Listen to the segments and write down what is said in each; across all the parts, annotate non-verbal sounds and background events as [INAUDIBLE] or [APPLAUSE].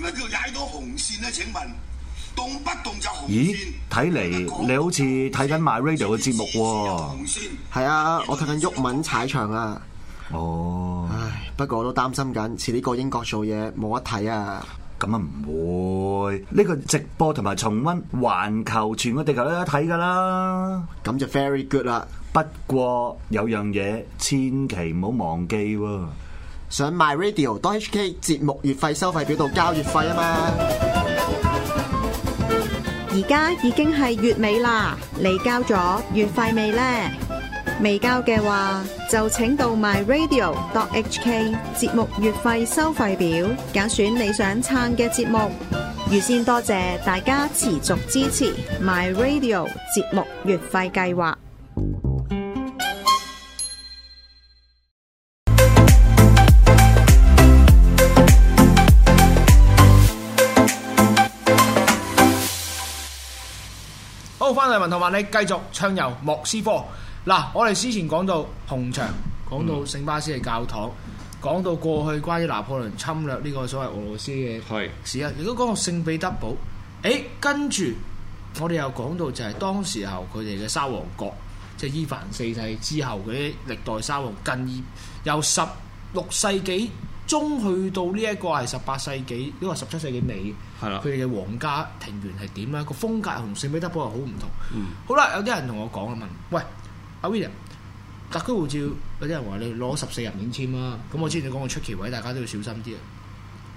乜叫踩到紅線咧？請問動不動就紅線咦，睇嚟你好似睇緊 My Radio 嘅節目喎。係、嗯嗯嗯、啊，我睇緊毓民踩場啊。哦，唉，不過我都擔心緊，遲啲過英國做嘢冇得睇啊。咁啊唔會，呢、這個直播同埋重溫，環球全個地球都有得睇噶啦。咁就 very good 啦。不過有樣嘢，千祈唔好忘記喎、啊。想 myradio.hk 節目月費收費表度交月費啊嘛，而家已經係月尾啦，你交咗月費未呢？未交嘅話就請到 myradio.hk 節目月費收費表揀選你想撐嘅節目，預先多謝大家持續支持 myradio 節目月費計劃。關麗文同埋你繼續暢遊莫斯科。嗱，我哋之前講到紅場，講、嗯、到聖巴斯嘅教堂，講、嗯、到過去關於拿破崙侵略呢個所謂俄羅斯嘅歷史。啊是，亦都講到聖彼得堡。誒，跟住我哋又講到就係當時候佢哋嘅沙皇國，即、就、係、是、伊凡四世之後嗰啲歷代沙皇，更衣，由十六世紀。中去到呢一個係十八世紀，呢個十七世紀尾，係啦。佢哋嘅皇家庭園係點咧？個風格同聖彼得堡係好唔同。嗯，好啦，有啲人同我講啊問，喂，阿 William，特區護照有啲人話你攞十四日免簽啦，咁我知你講個出奇位，大家都要小心啲啊。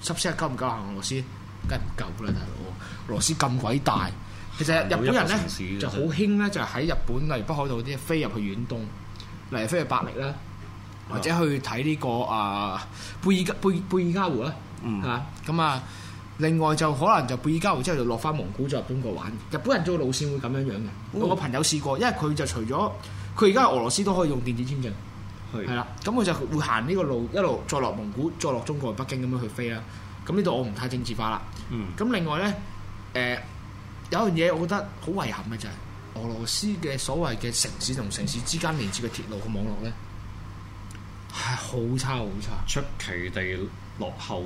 十四日夠唔夠行俄羅斯？梗係唔夠啦，大佬。俄羅斯咁鬼大，其實日本人咧就好興咧，就喺日本例如北海道啲飛入去遠東，例如飛去伯力啦。或者去睇呢、呢個啊、呃、貝爾貝爾貝爾加湖啦，嚇咁啊！另外就可能就貝爾加湖之後就落翻蒙古再入中國玩，日本人做嘅路線會咁樣樣嘅。嗯、我個朋友試過，因為佢就除咗佢而家俄羅斯都可以用電子簽證，係啦、嗯，咁佢就會行呢個路一路再落蒙古再落中國去北京咁樣去飛啦。咁呢度我唔太政治化啦。咁、嗯、另外咧，誒、呃、有樣嘢我覺得好遺憾嘅就係、是、俄羅斯嘅所謂嘅城市同城市之間連接嘅鐵路嘅網絡咧。係好差好差，差出奇地落後。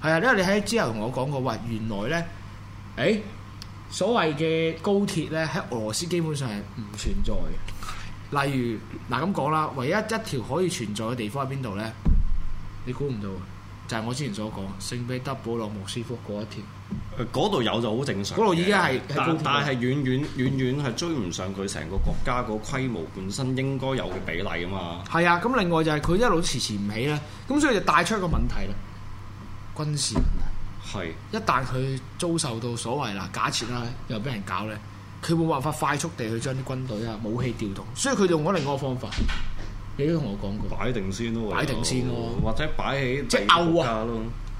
係啊，因為你喺之前同我講過，話原來呢，誒、哎，所謂嘅高鐵呢，喺俄羅斯基本上係唔存在嘅。例如，嗱咁講啦，唯一一條可以存在嘅地方喺邊度呢？你估唔到？就係我之前所講，聖彼得堡落莫斯科嗰一條，嗰度、嗯、有就好正常。嗰度依家係，但但係遠遠遠遠係追唔上佢成個國家個規模本身應該有嘅比例啊嘛。係啊，咁另外就係佢一路遲遲唔起咧，咁所以就帶出一個問題咧，軍事問題係。是一旦佢遭受到所謂嗱，假設啦，又俾人搞咧，佢冇辦法快速地去將啲軍隊啊、武器調動，所以佢就用咗另外一個方法。你都同我講過擺定先咯，擺定先咯，或者擺起即係 out 啊，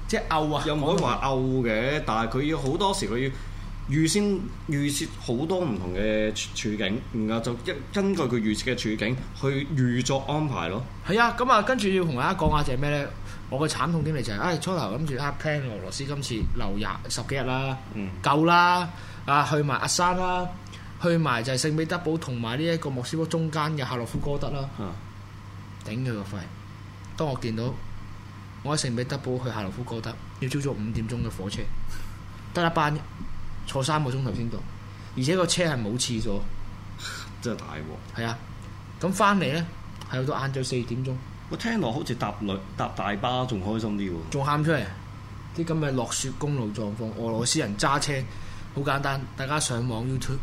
即係 out 啊。又唔可以話 out 嘅，啊、但係佢要好多時，佢要預先預設好多唔同嘅處境，然後就一根據佢預設嘅處境去預作安排咯。係啊，咁啊，跟住要同大家講下就係咩咧？我嘅慘痛經歷就係、是，唉、哎，初頭諗住黑 plan 俄羅斯今次留廿十幾日啦，嗯、夠啦，啊，去埋阿山啦，去埋就係聖彼得堡同埋呢一個莫斯科中間嘅夏洛夫哥德啦。啊。頂佢個肺！當我見到，我成日俾德保去夏洛夫哥德，要朝早五點鐘嘅火車，得一班，坐三個鐘頭先到，而且個車係冇廁所，真係大鑊！係啊，咁翻嚟，咧，係到晏晝四點鐘，我聽落好似搭旅搭大巴仲開心啲喎，仲喊出嚟！啲咁嘅落雪公路狀況，俄羅斯人揸車好簡單，大家上網 YouTube。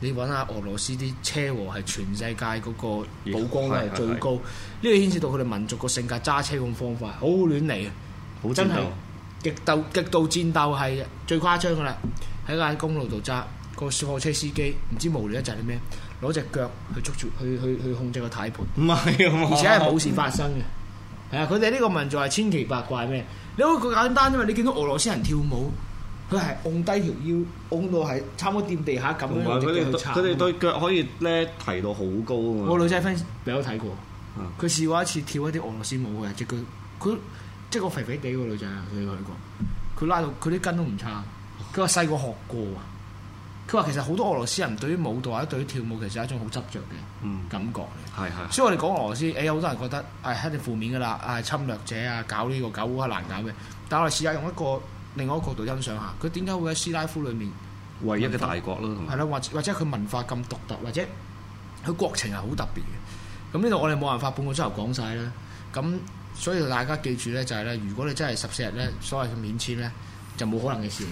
你揾下俄羅斯啲車禍係全世界嗰個曝光率最高，呢個、嗯嗯嗯嗯、牽涉到佢哋民族個性格揸車咁方法好亂嚟啊！真係極鬥極度戰鬥係最誇張噶啦，喺個公路度揸、嗰個小貨車司機唔知無聊得滯係咩，攞隻腳去捉住去去去控制個軚盤，唔係，而且係冇事發生嘅。係啊、嗯，佢哋呢個民族係千奇百怪咩？你好簡單，因為你見到俄羅斯人跳舞。佢係按低條腰，按到係差唔多掂地下咁樣，佢哋佢對腳可以咧提到好高啊！我女仔 friend 有睇過，佢試過一次跳一啲俄羅斯舞嘅、嗯，即佢佢即個肥肥哋個女仔啊，佢去過，佢拉到佢啲筋都唔差。佢話細個學過啊，佢話其實好多俄羅斯人對於舞蹈或者對於跳舞其實係一種好執着嘅感覺，所以、嗯、我哋講俄羅斯，誒、欸、有好多人覺得係、哎、一定負面噶啦，係、哎、侵略者啊，搞呢、這個搞烏克蘭搞嘅、這個這個這個。但我哋試下用一個。另外一個角度欣賞下，佢點解會喺斯拉夫裏面唯一嘅大國咯，係咯，或或者佢文化咁獨特，或者佢國情係好特別嘅。咁呢度我哋冇辦法半個鐘頭講晒啦。咁所以大家記住咧，就係咧，如果你真係十四日咧所謂嘅免簽咧，就冇可能嘅事嘅。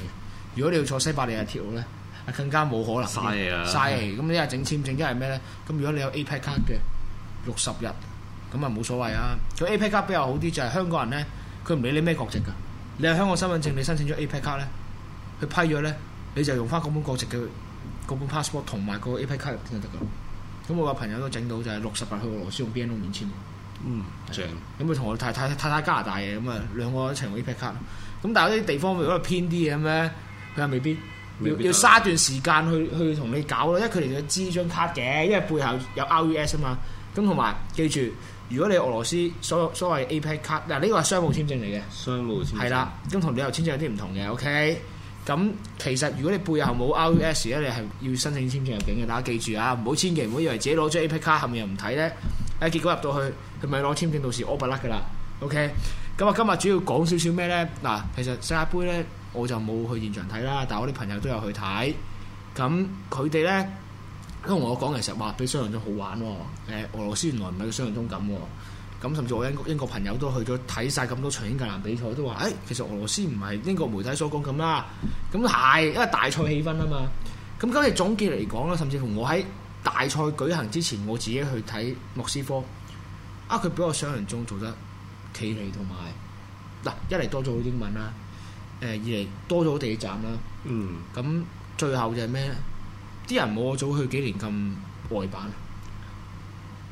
如果你要坐西伯利亞鐵路咧，嗯、更加冇可能嘥啊！嘥咁一係整簽證，整一係咩咧？咁如果你有 APEC 卡嘅六十日，咁啊冇所謂啊。做 APEC 卡比較好啲，就係香港人咧，佢唔理你咩國籍㗎。你係香港身份證，你申請咗 APEC 卡咧，佢批咗咧，你就用翻嗰本國籍嘅嗰本 passport 同埋個 APEC 卡入先就得噶喇。咁我個朋友都整到就係六十八去俄羅斯用 BNO 免簽。嗯，正。咁佢同我太太睇睇加拿大嘅，咁啊兩個一齊用 APEC 卡。咁但係有啲地方如果係偏啲嘅咁咧，佢又未必，未必要要嘥段時間去去同你搞咯，因為佢哋要知張卡嘅，因為背後有 RUS 啊嘛。咁同埋記住。如果你俄羅斯所所謂 APEC 卡，嗱呢個係商務簽證嚟嘅，商務簽係啦，咁同旅遊簽證有啲唔同嘅，OK。咁其實如果你背後冇 RUS 咧，你係要申請簽證入境嘅，大家記住啊，唔好千祈唔好以為自己攞張 APEC 卡後面又唔睇咧，誒、啊、結果入到去佢咪攞簽證到時 over 啦㗎喇，OK。咁啊，今日主要講少少咩咧？嗱、啊，其實世界杯咧我就冇去現場睇啦，但係我啲朋友都有去睇，咁佢哋咧。因為我講，其實話比想像中好玩喎、哦。俄羅斯原來唔係個想像中咁喎、哦。咁甚至我英英國朋友都去咗睇晒咁多場英格蘭比賽，都話，誒、欸，其實俄羅斯唔係英國媒體所講咁啦。咁係，因為大賽氣氛啊嘛。咁今日總結嚟講啦，甚至乎我喺大賽舉行之前，我自己去睇莫斯科，啊，佢比我想像中做得企理同埋，嗱，一嚟多咗英文啦，誒，二嚟多咗地鐵站啦。嗯。咁最後就係咩咧？啲人冇我早去幾年咁呆板，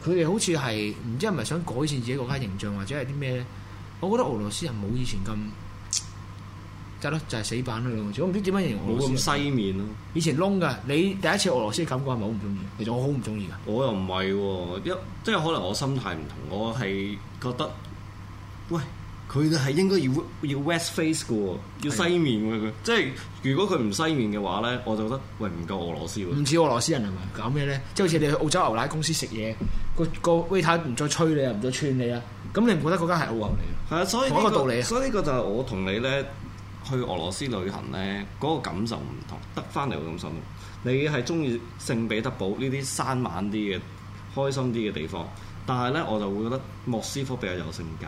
佢哋好似係唔知係咪想改善自己國家形象或者係啲咩咧？我覺得俄羅斯人冇以前咁，得咯 [COUGHS] 就係死板咯兩句。我唔知點解形容。冇咁西面咯、啊。以前窿噶，你第一次俄羅斯嘅感覺係咪好唔中意？其實我好唔中意噶。我又唔係喎，一即係可能我心態唔同，我係覺得喂。佢哋係應該要要 west face 嘅，要西面嘅佢，的即係如果佢唔西面嘅話咧，我就覺得喂唔夠俄羅斯喎。唔似俄羅斯人係咪？搞咩咧？即係好似你去澳洲牛奶公司食嘢，嗰個個 waiter 唔再催你啊，唔再串你啊。咁你唔覺得嗰間係澳牛嚟嘅？係啊，所以呢、呢個、個道理啊。所以呢個就係我同你咧去俄羅斯旅行咧嗰個感受唔同，得翻嚟個感受。你係中意聖彼得堡呢啲山猛啲嘅開心啲嘅地方，但係咧我就會覺得莫斯科比較有性格。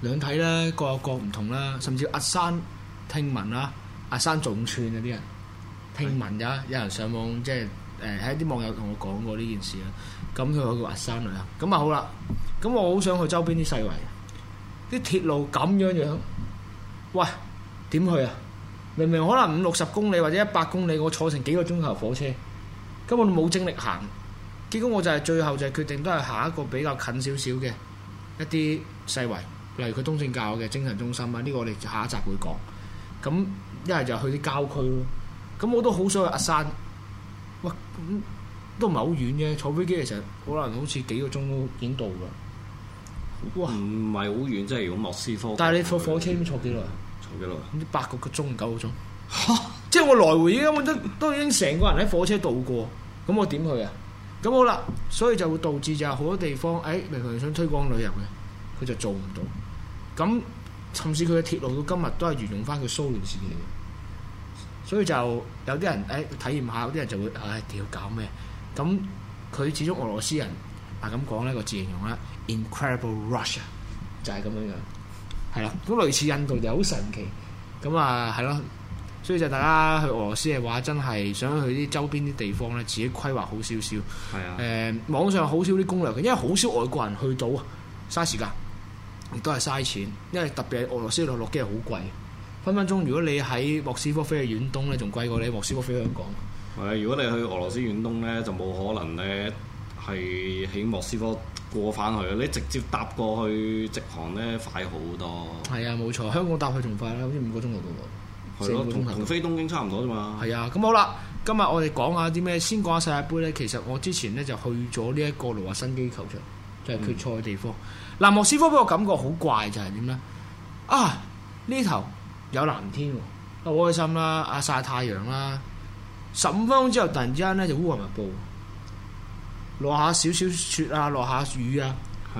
兩睇咧，各有各唔同啦。甚至阿山聽聞啦，阿山仲串啊啲人聽聞，有有人上網即係誒喺啲網友同我講過呢件事啦。咁佢去個阿山旅行咁啊，好啦。咁我好想去周邊啲細圍，啲鐵路咁樣樣，喂點去啊？明明可能五六十公里或者一百公里，我坐成幾個鐘頭火車，根本冇精力行。結果我就係最後就係決定都係行一個比較近少少嘅一啲細圍。例如佢東正教嘅精神中心啊，呢、呢個我哋下一集會講。咁一係就去啲郊區咯。咁我都好想去阿山，喂，咁都唔係好遠啫。坐飛機其實可能好似幾個鐘都，都已經到啦。哇，唔係好遠，即係如果莫斯科。但係你坐火車要坐幾耐？坐幾耐？八個個鐘，九個鐘。即係我來回而家都都已經成個人喺火車度過，咁我點去啊？咁好啦，所以就會導致就係好多地方，誒、哎，明明佢想推廣旅遊嘅，佢就做唔到。咁，甚至佢嘅鐵路到今日都係沿用翻佢蘇聯時期嘅，所以就有啲人誒體驗下，有啲人就會誒屌搞咩。咁佢始終俄羅斯人啊咁講呢個字形容啦，Incredible Russia 就係咁樣樣，係啦。咁類似印度就好神奇，咁啊係咯。所以就大家去俄羅斯嘅話，真係想去啲周邊啲地方咧，自己規劃好少少。係啊的。誒、呃，網上好少啲攻略嘅，因為好少外國人去到啊，嘥時間，亦都係嘥錢，因為特別係俄羅斯落落機係好貴，分分鐘如果你喺莫斯科飛去遠東咧，仲貴過你喺莫斯科飛香港。係啊，如果你去俄羅斯遠東咧，就冇可能咧係喺莫斯科過翻去，你直接搭過去直航咧快好多。係啊，冇錯，香港搭去仲快啦，好似五個鐘頭到。係咯、啊，同同飛東京差唔多啫嘛。係啊，咁好啦，今日我哋講下啲咩？先講下世界盃咧，其實我之前咧就去咗呢一個羅華新機球場，就係、是、決賽嘅地方。嗯嗱，莫斯科俾我感覺好怪就係點咧？啊呢頭有藍天，好開心啦！啊曬太陽啦！十五分鐘之後突然之間咧就烏雲密布，落下少少雪啊，落下雨啊。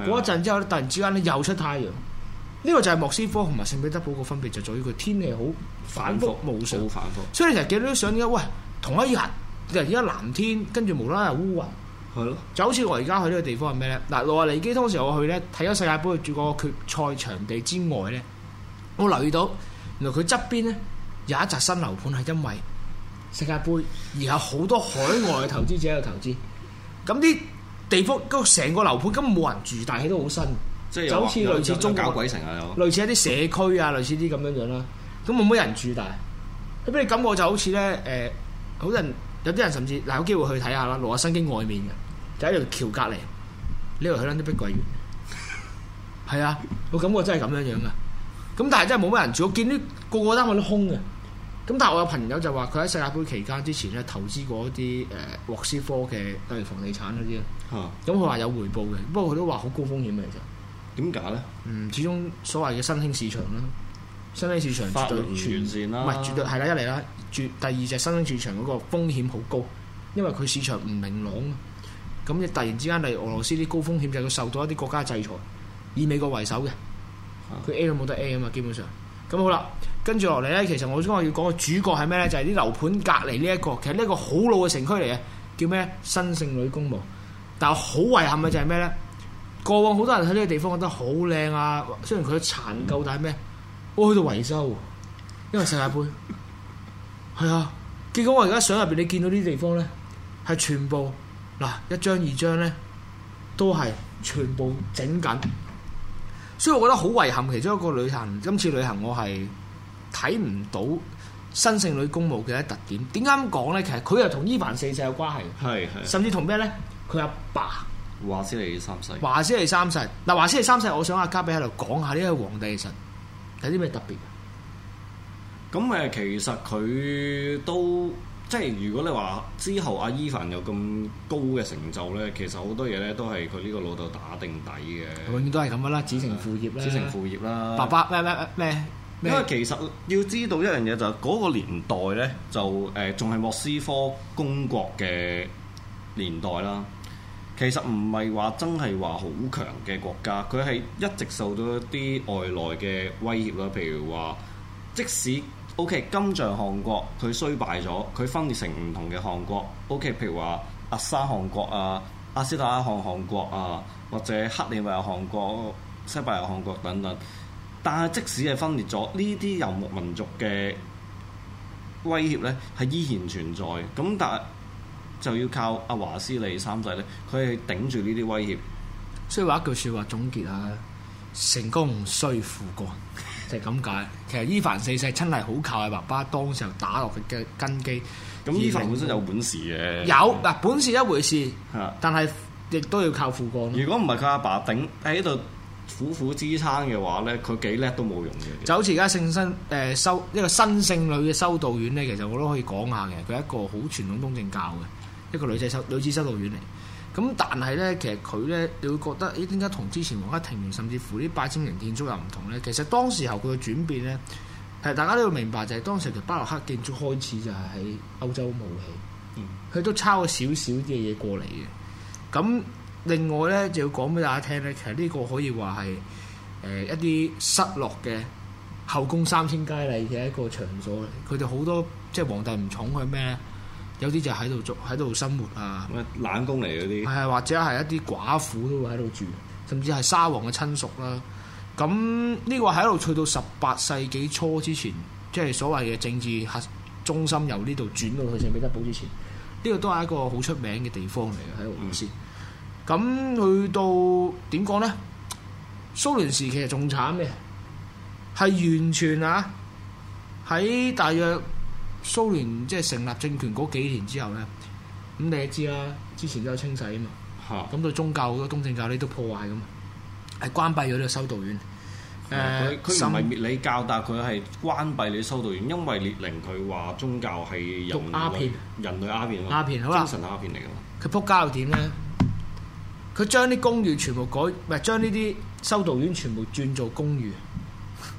嗰的一陣之後突然之間咧又出太陽。呢、這個就係莫斯科同埋聖彼得堡個分別，就係在於佢天氣好反覆無常，反覆。反覆所以你成日見到啲相點解？喂，同一日而家藍天，跟住無啦啦又烏雲。係咯，就好似我而家去呢個地方係咩咧？嗱，羅阿尼基當時我去咧睇咗世界杯嘅個決賽場地之外咧，我留意到，原來佢側邊咧有一紮新樓盤，係因為世界杯而有好多海外嘅投資者喺度投資。咁啲地方，咁成個樓盤根本冇人住，但係都好新，就好似類似中國鬼城啊，類似一啲社區啊，類似啲咁樣樣啦。咁冇乜人住大，但係佢俾你感覺就好似咧，誒、呃，好多人。有啲人甚至嗱有機會去睇下啦，羅亞新興外面嘅就喺條橋隔離，呢度去攞啲碧桂園，係 [LAUGHS] 啊，我感覺真係咁樣樣嘅。咁但係真係冇乜人住，我見啲個個單位都空嘅。咁但係我有朋友就話佢喺世界盃期間之前咧投資過一啲誒莫斯科嘅例如房地產嗰啲啊，咁佢話有回報嘅，不過佢都話好高風險嘅其實。點解咧？嗯，始終所謂嘅新興市場啦，新興市場絕對完善啦，唔係、啊、絕對係啦，一嚟啦。住第二就係新興市場嗰個風險好高，因為佢市場唔明朗，咁你突然之間例如俄羅斯啲高風險就係佢受到一啲國家制裁，以美國為首嘅，佢 A 都冇得 A 啊嘛，基本上。咁好啦，跟住落嚟呢，其實我先我要講嘅主角係咩呢？就係、是、啲樓盤隔離呢、這、一個，其實呢一個好老嘅城區嚟嘅，叫咩？新聖女公墓。但係好遺憾嘅就係咩呢？過往好多人喺呢個地方覺得好靚啊，雖然佢殘舊，但係咩？我去到維修，因為世界盃。 [LAUGHS] 係啊，結果我而家相入邊，你見到啲地方咧，係全部嗱一張二張咧，都係全部整緊。所以我覺得好遺憾，其中一個旅行今次旅行我係睇唔到新聖女公墓嘅一特點。點解咁講咧？其實佢又同伊凡四世有關係，係的甚至同咩咧？佢阿爸，爸華斯利，利三世，華斯利三世嗱，華斯利三世，我想阿嘉比喺度講下呢個皇帝神，其實有啲咩特別。咁誒，其實佢都即係如果你話之後阿伊凡有咁高嘅成就咧，其實好多嘢咧都係佢呢個老豆打定底嘅。永遠都係咁噶啦，子承父業啦，子承、嗯、父業啦，爸爸咩咩咩。因為其實要知道一樣嘢就係、是、嗰個年代咧，就誒仲係莫斯科公國嘅年代啦。其實唔係話真係話好強嘅國家，佢係一直受到一啲外來嘅威脅啦。譬如話，即使 O.K. 金帳汗國佢衰敗咗，佢分裂成唔同嘅汗國。O.K. 譬如話阿沙汗國啊、阿斯塔那汗汗國啊，或者克里米亞汗國、西伯利亞汗國等等。但係即使係分裂咗，呢啲游牧民族嘅威脅咧係依然存在。咁但係就要靠阿華斯利三世咧，佢係頂住呢啲威脅。所以話一句説話總結啊，成功唔需父幹。就係咁解。其實伊凡四世真係好靠佢爸爸當時候打落佢嘅根基。咁伊凡本身有本事嘅。有嗱，是的 本事一回事，是的 但係亦都要靠父哥。如果唔係佢阿爸頂喺度苦苦支撐嘅話咧，佢幾叻都冇用嘅。就好似而家聖新誒修一個新聖女嘅修道院咧，其實我都可以講下嘅。佢係一個好傳統東正教嘅一個女仔修女仔修道院嚟。咁但係呢，其實佢呢，你會覺得咦？點解同之前皇家庭院甚至乎啲拜占庭建築又唔同呢？其實當時候佢嘅轉變呢，係大家都要明白，就係當時條巴洛克建築開始就係喺歐洲冒起，佢、嗯、都抄咗少少嘅嘢過嚟嘅。咁另外呢，就要講俾大家聽呢，其實呢個可以話係誒一啲失落嘅後宮三千佳麗嘅一個場所。佢哋好多即係皇帝唔寵佢咩？有啲就喺度做喺度生活啊，冷宮嚟嗰啲，係或者係一啲寡婦都會喺度住，甚至係沙皇嘅親屬啦。咁呢、呢個喺度去到十八世紀初之前，即係所謂嘅政治中心由呢度轉到去聖彼得堡之前，呢、呢個都係一個好出名嘅地方嚟嘅，喺度俄羅斯。咁、嗯、去到點講呢？蘇聯時期係仲慘嘅，係完全啊喺大約。蘇聯即係成立政權嗰幾年之後咧，咁你都知啦。之前都有清洗啊嘛，咁對宗教好多東正教呢都破壞㗎嘛。係關閉咗呢個修道院。誒、嗯，佢唔係滅你教，但係佢係關閉你修道院，因為列寧佢話宗教係人，鴉片、人類鴉片，鴉片，片，好啦，精神鴉片。嚟㗎嘛。佢撲街又點咧？佢將啲公寓全部改，唔係將呢啲修道院全部轉做公寓、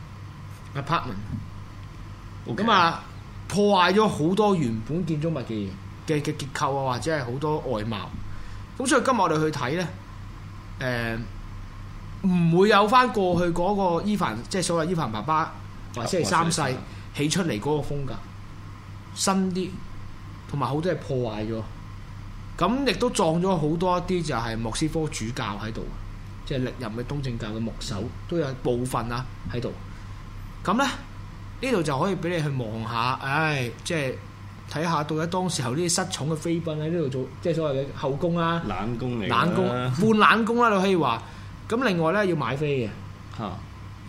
[LAUGHS] apartment Okay.。咁啊～破壞咗好多原本建築物嘅嘅嘅結構啊，或者係好多外貌。咁所以今日我哋去睇呢，誒、呃、唔會有翻過去嗰個伊凡，即係所謂伊凡爸爸有或者是係三世起出嚟嗰個風格，新啲，同埋好多係破壞咗。咁亦都撞咗好多一啲就係莫斯科主教喺度，即係歷任嘅東正教嘅牧首都有部分啊喺度。咁呢。呢度就可以俾你去望下，唉，即係睇下到底當時候呢啲失寵嘅妃嬪喺呢度做，即係所謂嘅後宮啦、啊。冷宮嚟。冷宮半冷宮啦，你可以話。咁另外咧要買飛嘅。嚇。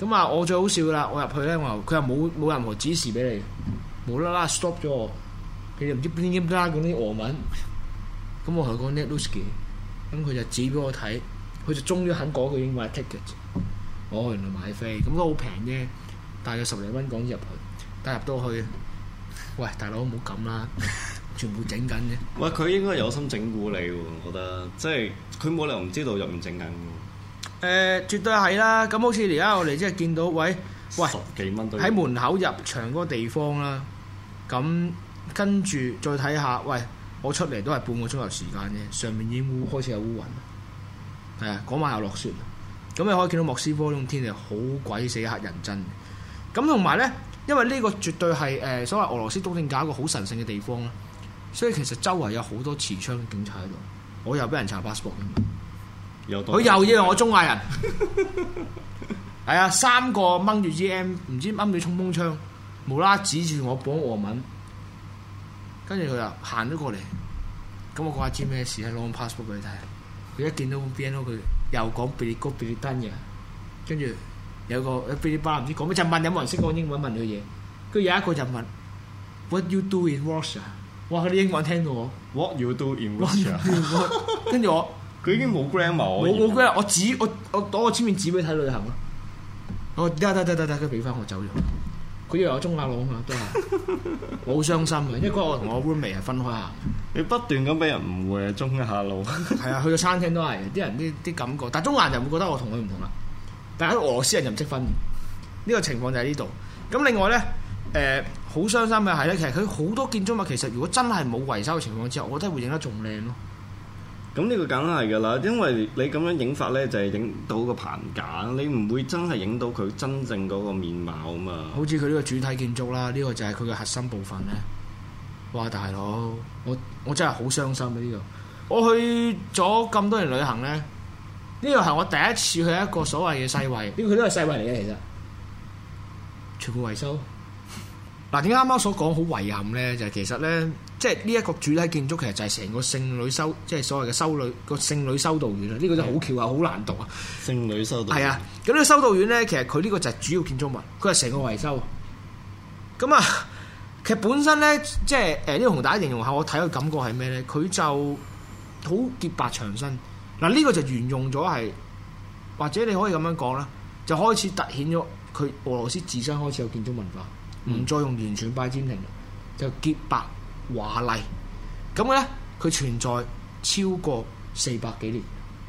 咁啊，我最好笑啦！我入去咧，我佢又冇冇任何指示俾你，無啦啦 stop 咗，我，佢又唔知邊啲咁多嗰啲俄文。咁我同佢講 Netlucy，咁佢就指俾我睇，佢就終於肯講一句英文 ticket。我、哦、原來買飛，咁都好平啫。帶咗十零蚊港紙入去，但入到去，喂，大佬唔好咁啦，全部整緊嘅。喂，佢應該有心整蠱你喎，我覺得，即係佢冇理由唔知道入唔整緊嘅。誒、呃，絕對係啦。咁好似而家我哋即係見到，喂，喂，十幾蚊喺門口入場嗰個地方啦。咁跟住再睇下，喂，我出嚟都係半個鐘頭時，時間啫。上面已經烏開始有烏雲，係啊，嗰晚又落雪。咁你可以見到莫斯科呢種天氣好鬼死黑人憎。咁同埋咧，因為呢個絕對係誒所謂俄羅斯東正教一個好神聖嘅地方啦，所以其實周圍有好多持槍警察喺度，我又俾人查 passport，佢又以代為我中亞人，係啊、 [LAUGHS] [LAUGHS] 哎，三個掹住 g m 唔知掹住衝鋒槍，無啦指住我講俄文，跟住佢又行咗過嚟，咁我講下知咩事咧攞 passport 俾佢睇，佢一見到 BNO 佢又講比利哥比利丹嘅，跟住。有個飛唔知講咩，就問有冇人識講英文問佢嘢，跟住有一個就問 What you do in Russia？哇佢啲英文聽到我 What you do in Russia？跟住 [LAUGHS] 我佢已經冇 grammar、嗯、我我我我，我，我，我，我，我紙我我攞個簽面紙俾佢睇旅行咯，我得得得得得，跟住俾翻我走咗。佢以為我中亞佬嘛都係，好 [LAUGHS] 傷心嘅，因為我同我 roommate 係分開行。你不斷咁俾人誤會係 [LAUGHS] 中亞佬，係 [LAUGHS] 啊， [LAUGHS] 去到餐廳都係啲人啲啲感覺，但係中亞人就會覺得我同佢唔同啦。但喺俄羅斯人又唔識分，呢個情況就喺呢度。咁另外呢，誒、呃、好傷心嘅係呢，其實佢好多建築物其實如果真係冇維修嘅情況之下，我覺得會影得仲靚咯。咁呢個梗係㗎啦，因為你咁樣影法呢，就係影到個棚架，你唔會真係影到佢真正嗰個面貌啊嘛。好似佢呢個主體建築啦，呢個就係佢嘅核心部分呢。哇，大佬，我我真係好傷心啊！呢個我去咗咁多年旅行呢。呢個係我第一次去一個所謂嘅世遺，邊佢都係世遺嚟嘅，其實，全部維修。嗱，點解啱啱所講好遺憾咧？就係、是、其實咧，即係呢一個主體建築，其實就係成個聖女修，即、就、係、是、所謂嘅修女個聖女修道院啊。呢、這個真係好巧啊，好難讀啊。聖女修道院係啊。咁呢個修道院咧，其實佢呢個就係主要建築物，佢係成個維修。咁啊，其實本身咧，即係誒呢同大家形容下，我睇嘅感覺係咩咧？佢就好潔白長身。嗱，呢個就沿用咗係，或者你可以咁樣講啦，就開始突顯咗佢俄羅斯自身開始有建築文化，唔、嗯、再用完全拜占庭，就潔白華麗咁嘅咧。佢存在超過四百幾年，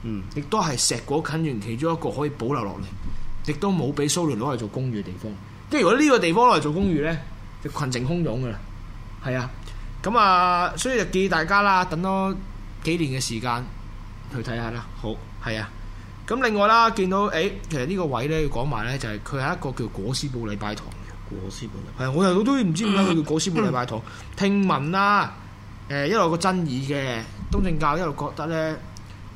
嗯，亦都係碩果僅存其中一個可以保留落嚟，亦都冇俾蘇聯攞嚟做公寓嘅地方。即係如果呢個地方攞嚟做公寓呢，嗯、就群情洶湧噶啦，係啊。咁啊，所以就建議大家啦，等多幾年嘅時間。去睇下啦，好係啊。咁另外啦，見到誒，其實呢個位咧要講埋咧，就係佢係一個叫果斯堡禮拜堂嘅。果斯堡係啊，我又都唔知點解佢叫果斯堡禮拜堂。聽聞啦，誒一路有個爭議嘅東正教一路覺得咧，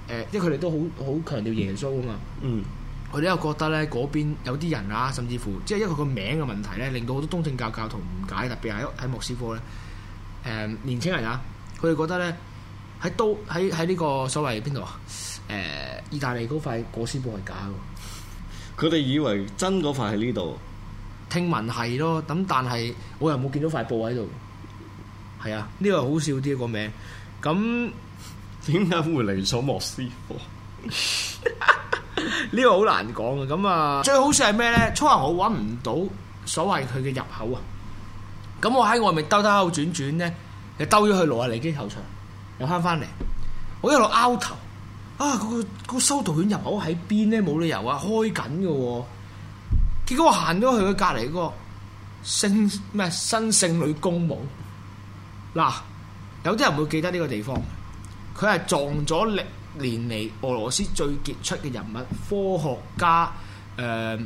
誒，因為佢哋都好好強調耶穌啊嘛。嗯，佢哋又覺得咧嗰邊有啲人啊，甚至乎即係因為佢個名嘅問題咧，令到好多東正教教徒誤解，特別係喺莫斯科咧。誒，年輕人啊，佢哋覺得咧。喺都喺喺呢個所謂邊度啊？誒、呃，意大利嗰塊裹屍布係假嘅，佢哋以為真嗰塊喺呢度。聽聞係咯，咁但係我又冇見到塊布喺度。係啊，呢、呢個好笑啲個名。咁點解會嚟咗莫斯科？呢 [LAUGHS] [LAUGHS] 個好難講啊。咁啊，最好笑係咩咧？初頭我揾唔到所謂佢嘅入口啊。咁我喺外面兜兜轉轉咧，就兜咗去羅阿尼基球場。又翻翻嚟，我一路拗頭啊！嗰、嗰個、嗰個修道院入口喺邊呢？冇理由啊，開緊嘅，哦。結果我行咗去佢隔籬嗰個聖咩新聖女公墓。嗱、啊，有啲人會記得呢個地方。佢係撞咗歷年嚟俄羅斯最傑出嘅人物，科學家誒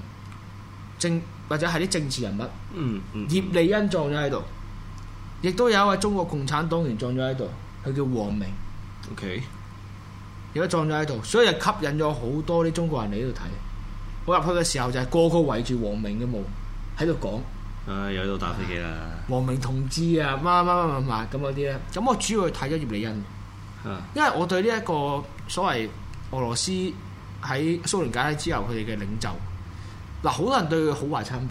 政、呃、或者係啲政治人物。嗯葉、嗯嗯、利欽撞咗喺度，亦都有啊！中國共產黨員撞咗喺度。佢叫王明，OK，而家葬咗喺度，所以就吸引咗好多啲中國人嚟呢度睇。我入去嘅時候就係個個圍住王明嘅墓喺度講。啊，又喺度打飛機啦、哎！王明同志啊，乜乜乜乜咁嗰啲咧。咁我主要去睇咗葉利欽， [LAUGHS] 因為我對呢一個所謂俄羅斯喺蘇聯解體之後佢哋嘅領袖，嗱、呃、好多人對佢好壞參半。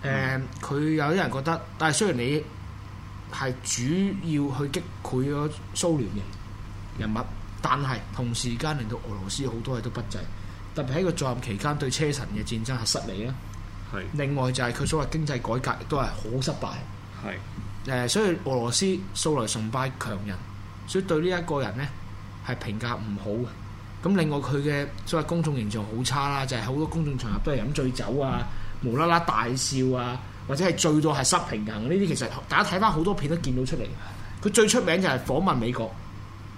誒、呃，佢、mm. 有啲人覺得，但係雖然你。係主要去擊潰咗蘇聯嘅人物，但係同時間令到俄羅斯好多嘢都不濟，特別喺佢在任期間對車臣嘅戰爭係失利啊。是另外就係佢所謂經濟改革都係好失敗。係是、呃、所以俄羅斯素來崇拜強人，所以對呢一個人呢係評價唔好嘅。咁另外佢嘅所謂公眾形象好差啦，就係、是、好多公眾場合都係飲醉酒啊、嗯、無啦啦大笑啊。或者係最多係失平衡呢啲，其實大家睇返好多片都見到出嚟。佢最出名就係訪問美國，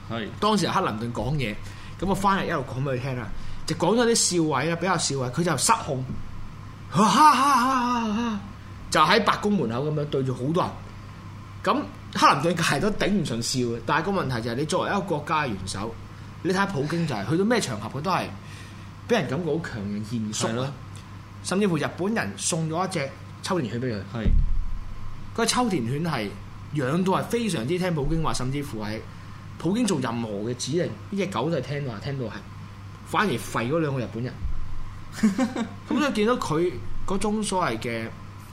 係的當時係克林頓講嘢，咁我返嚟一路講俾佢聽啦，就講咗啲笑位啊，比較笑位，佢就失控，哈哈哈哈就喺白宮門口咁樣對住好多人。咁克林頓係都頂唔順笑嘅，但係個問題就係你作為一個國家嘅元首，你睇下普京就係、是、去到咩場合佢都係俾人感覺好強人嚴肅啦，的甚至乎日本人送咗一隻。秋田犬俾佢，係，嗰個秋田犬係養到係非常之聽普京話，甚至乎係普京做任何嘅指令，呢隻狗都係聽話，聽到係，反而吠嗰兩個日本人。咁你見到佢嗰種所謂嘅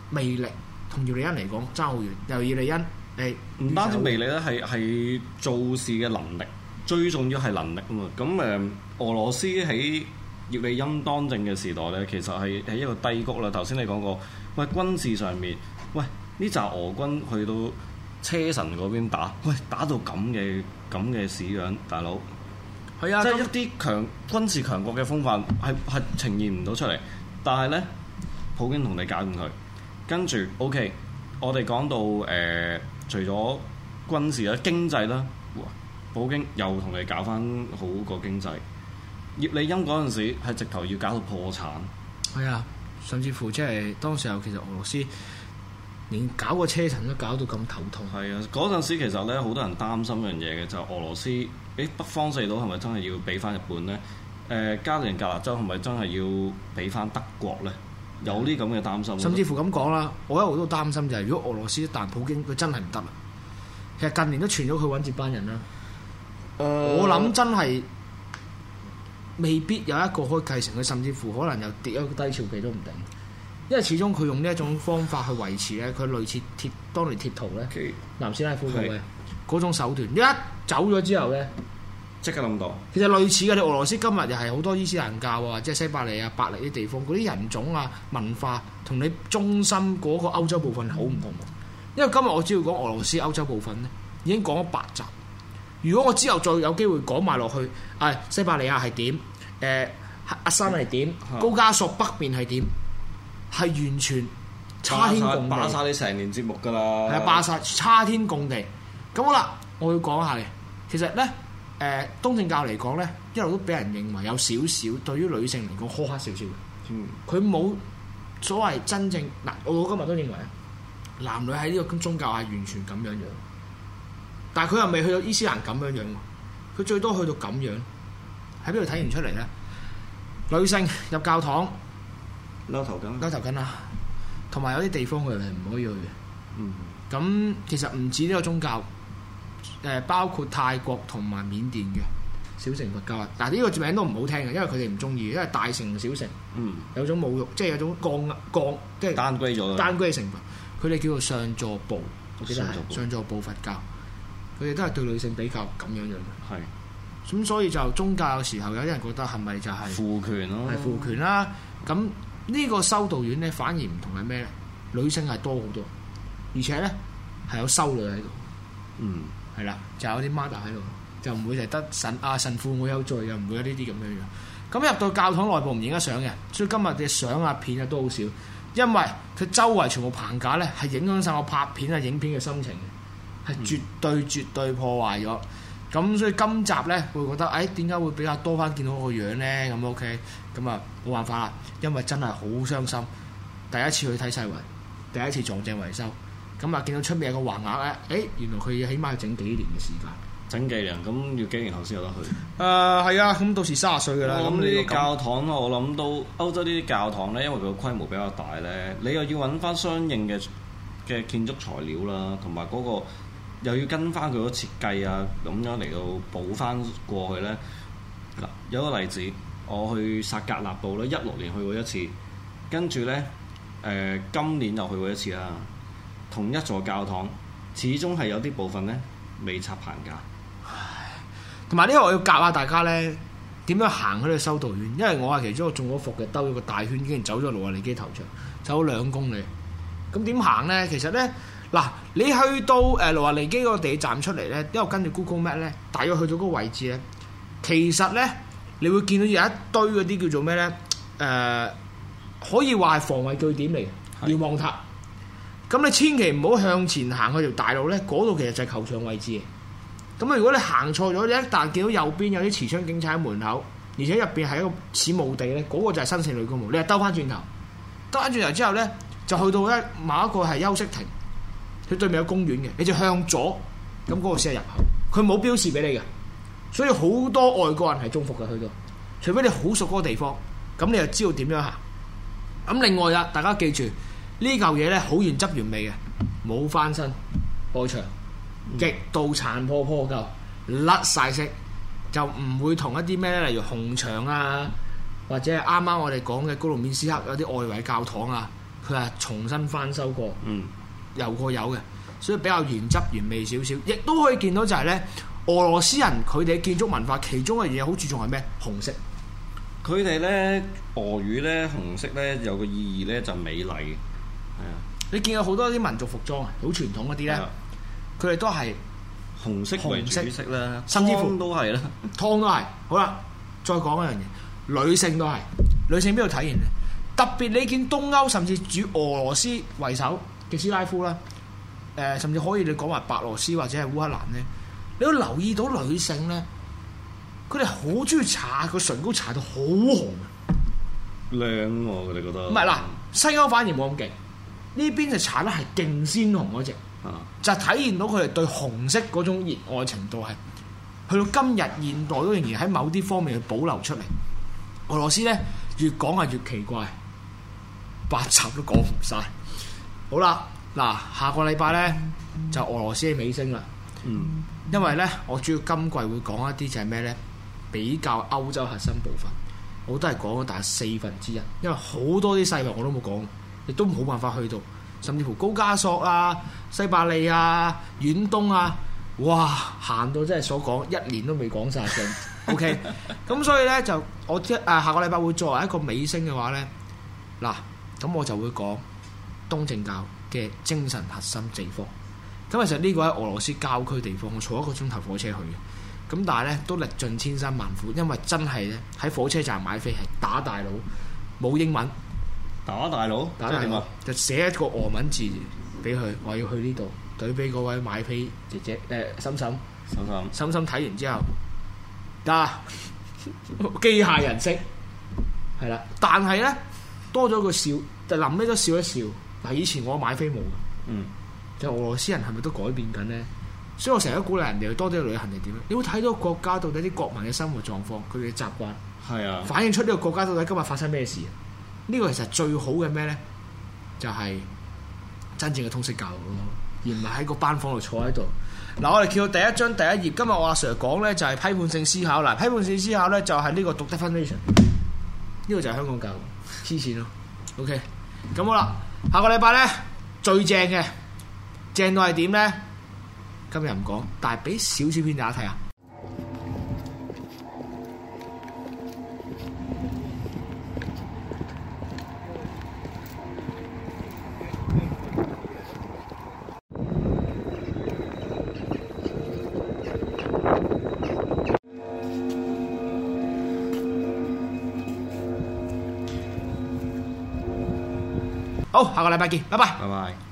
魅力，同葉利欽嚟講爭好遠。由葉利欽，誒，唔單止魅力啦，係係做事嘅能力，最重要係能力啊嘛。咁誒、嗯，俄羅斯喺葉利欽當政嘅時代咧，其實係喺一個低谷啦。頭先你講過。喂，軍事上面，喂，呢紮俄軍去到車臣嗰邊打，喂，打到咁嘅咁嘅屎樣，大佬，係啊，即係一啲強軍事強國嘅風範係係呈現唔到出嚟，但係呢，普京同你搞掂佢，跟住 OK，我哋講到誒、呃，除咗軍事啦，經濟啦，哇，普京又同你搞翻好個經濟，葉利欽嗰陣時係直頭要搞到破產，係啊。甚至乎即係當時候，其實俄羅斯連搞個車臣都搞到咁頭痛。係啊，嗰陣時其實咧，好多人擔心一樣嘢嘅，就是、俄羅斯。誒，北方四島係咪真係要俾翻日本咧？誒、呃，加里寧格勒州係咪真係要俾翻德國咧？有啲咁嘅擔心。的者甚至乎咁講啦，我一路都擔心就係、是，如果俄羅斯一旦普京佢真係唔得啦，其實近年都傳咗佢揾接班人啦。誒、呃，我諗真係。呃未必有一個可以繼承佢，甚至乎可能又跌一個低潮期都唔定，因為始終佢用呢一種方法去維持咧，佢類似鐵當年鐵托咧，Okay. 南斯拉夫咁嘅嗰種手段，一走咗之後咧，即刻冧到。其實類似嘅，你俄羅斯今日又係好多伊斯蘭教啊，即係西伯利亞、白利啲地方嗰啲人種啊、文化，同你中心嗰個歐洲部分好唔同。Mm hmm. 因為今日我只要講俄羅斯歐洲部分咧，已經講咗八集。如果我之後再有機會講埋落去，誒、哎、西伯利亞係點？誒、欸、阿山係點？嗯、高加索北邊係點？係完全差天共地。打曬你成年節目㗎啦！係啊，打曬差天共地。咁好啦，我要講下嘅，其實咧誒、呃、東正教嚟講咧，一路都俾人認為有少少對於女性嚟講苛刻少少嘅。佢冇、嗯、所謂真正嗱、啊，我今日都認為啊，男女喺呢個宗教係完全咁樣樣。但係佢又未去到伊斯蘭咁樣樣喎，佢最多去到咁樣，喺邊度體現出嚟咧？女性入教堂，攞頭巾，攞頭巾啊！同埋有啲地方佢係唔可以去嘅。嗯。咁其實唔止呢個宗教，誒、包括泰國同埋緬甸嘅小乘佛教啊。但係呢個名都唔好聽嘅，因為佢哋唔中意，因為大乘同小乘，嗯，有種侮辱，即係有種降降，即係單歸咗單歸嘅成分。佢哋叫做上座部，我記得係上座，上座部佛教。佢哋都係對女性比較咁樣樣，係是，咁所以就宗教嘅時候，有啲人覺得係咪就係父權咯、啊，係父權啦、啊。咁呢個修道院咧，反而唔同係咩咧？女性係多好多，而且咧係有修女喺度，嗯，係啦，就有啲 mother 喺度，就唔會係得神阿、啊、神父會有罪，又唔會有呢啲咁樣樣。咁入到教堂內部唔影得相嘅，所以今日嘅相啊片啊都好少，因為佢周圍全部棚架咧，係影響晒我拍片啊影片嘅心情。係、嗯、絕對絕對破壞咗，咁所以今集呢，會覺得，誒點解會比較多翻見到個樣呢？咁 OK，咁啊冇辦法啦，因為真係好傷心。第一次去睇世雲，第一次撞正維修，咁啊見到出面有個橫額呢，誒、欸、原來佢要起碼要整幾年嘅時間。整幾年，咁要幾年後先有得去？誒係、呃、啊，咁到時三十歲㗎啦。咁呢啲、嗯、教堂啊，我諗到歐洲呢啲教堂呢，因為佢個規模比較大呢，你又要揾翻相應嘅嘅建築材料啦，同埋嗰個。又要跟翻佢嗰設計啊，咁樣嚟到補翻過去呢。嗱，有個例子，我去薩格勒布咧，一六年去過一次，跟住呢，誒、呃，今年又去過一次啦、啊。同一座教堂，始終係有啲部分呢未拆棚架。同埋呢個我要教下大家呢，點樣行佢哋修道院，因為我係其中，中一個中咗伏嘅，兜咗個大圈，竟然走咗路啊！嚟基頭長走兩公里，咁點行呢？其實呢。嗱，你去到誒羅華尼基嗰個地鐵站出嚟呢，因為跟住 Google Map 呢，大約去到嗰個位置呢。其實呢，你會見到有一堆嗰啲叫做咩呢？誒、呃、可以話係防衞據點嚟嘅瞭望塔。咁你千祈唔好向前行去條大路呢，嗰度其實就係球場位置嘅。咁啊，如果你行錯咗，你一旦見到右邊有啲持槍警察喺門口，而且入邊係一個似墓地呢，嗰、那個就係新聖女公墓。你又兜翻轉頭，兜翻轉頭之後呢，就去到呢某一個係休息亭。佢對面有公園嘅，你就向左，咁嗰個先係入口。佢冇標示俾你嘅，所以好多外國人係中伏嘅去到。除非你好熟嗰個地方，咁你又知道點樣行。咁另外啊，大家記住、這個、呢嚿嘢呢好原汁原味嘅，冇翻新，破牆，極度殘破破舊，甩晒、嗯、色，就唔會同一啲咩咧，例如紅牆啊，或者係啱啱我哋講嘅高盧冕斯克有啲外圍教堂啊，佢係重新翻修過。嗯油過有嘅，所以比較原汁原味少少。亦都可以見到就係呢俄羅斯人佢哋嘅建築文化其中嘅嘢好注重係咩？紅色。佢哋呢俄語呢，紅色呢，有個意義呢就美麗，係啊。你見過好多啲民族服裝啊，好傳統嗰啲呢，佢哋的都係紅，紅色為主色啦，甚至乎都係啦，湯 [LAUGHS] 都係。好啦，再講一樣嘢，女性都係女性邊度體現咧？特別你見東歐甚至主俄羅斯為首。嘅斯拉夫啦，誒甚至可以你講埋白羅斯或者係烏克蘭咧，你都留意到女性咧，佢哋好中意擦個唇膏搽到好紅啊！靚喎，哦，你覺得？唔係啦，西歐反而冇咁勁，呢邊嘅擦咧係勁鮮紅嗰隻、啊、就係體現到佢哋對紅色嗰種熱愛程度係，去到今日現代都仍然喺某啲方面去保留出嚟。俄羅斯咧越講係越奇怪，八七都講唔晒。好啦，嗱，下個禮拜呢，嗯、就俄羅斯嘅尾聲啦。嗯、因為呢，我主要今季會講一啲就係咩呢？比較歐洲核心部分，我都係講咗大概四分之一。因為好多啲細部我都冇講，亦都冇辦法去到，甚至乎高加索啊、西伯利亞、啊、遠東啊，哇，行到真係所講一年都未講晒嘅。O K，咁所以呢，就我即下個禮拜會作為一個尾聲嘅話呢，嗱，咁我就會講。東正教嘅精神核心地方，咁其實呢個喺俄羅斯郊區地方，我坐一個鐘頭火車去嘅。咁但係呢都歷盡千辛萬苦，因為真係呢，喺火車站買飛係打大佬，冇英文打大佬，打大嘛？啊、就寫一個俄文字俾佢，我要去呢度，對俾嗰位買飛姐姐誒嬸嬸、嬸嬸、嬸嬸睇完之後，啊 [LAUGHS] 機械人識係啦，但係呢，多咗個笑就臨尾都笑一笑。係以前我買飛冇嘅，嗯，就俄羅斯人係咪都改變緊咧？所以我成日都鼓勵人哋去多啲旅行定點咧？你會睇到國家到底啲國民嘅生活狀況，佢嘅習慣係啊，反映出呢個國家到底今日發生咩事？呢個其實最好嘅咩咧？就係真正嘅通識教育咯，而唔係喺個班房度坐喺度。嗱，我哋見到第一張第一頁，今日我阿 Sir 講咧就係批判性思考。嗱，批判性思考咧就係呢個獨特 foundation 呢個就係香港教育黐線咯。OK，咁好啦。下個禮拜呢，最正嘅，正到係點呢？今日唔講，但係俾小紙片大家睇下。拜拜，拜拜。